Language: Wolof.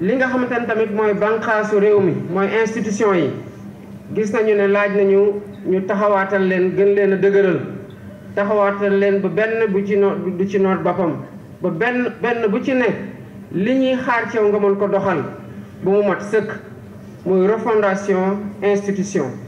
li nga xamante ne tamit mooy bànqaasu réew mi mooy institution yi gis nañu ne laaj nañu ñu taxawaatal leen gën leen a dëgëral taxawaatal leen ba benn bu ci ci noot boppam ba benn benn bu ci nekk li ñuy xaar ceew nga mën ko doxal ba mu mat sëkk muy refondation institution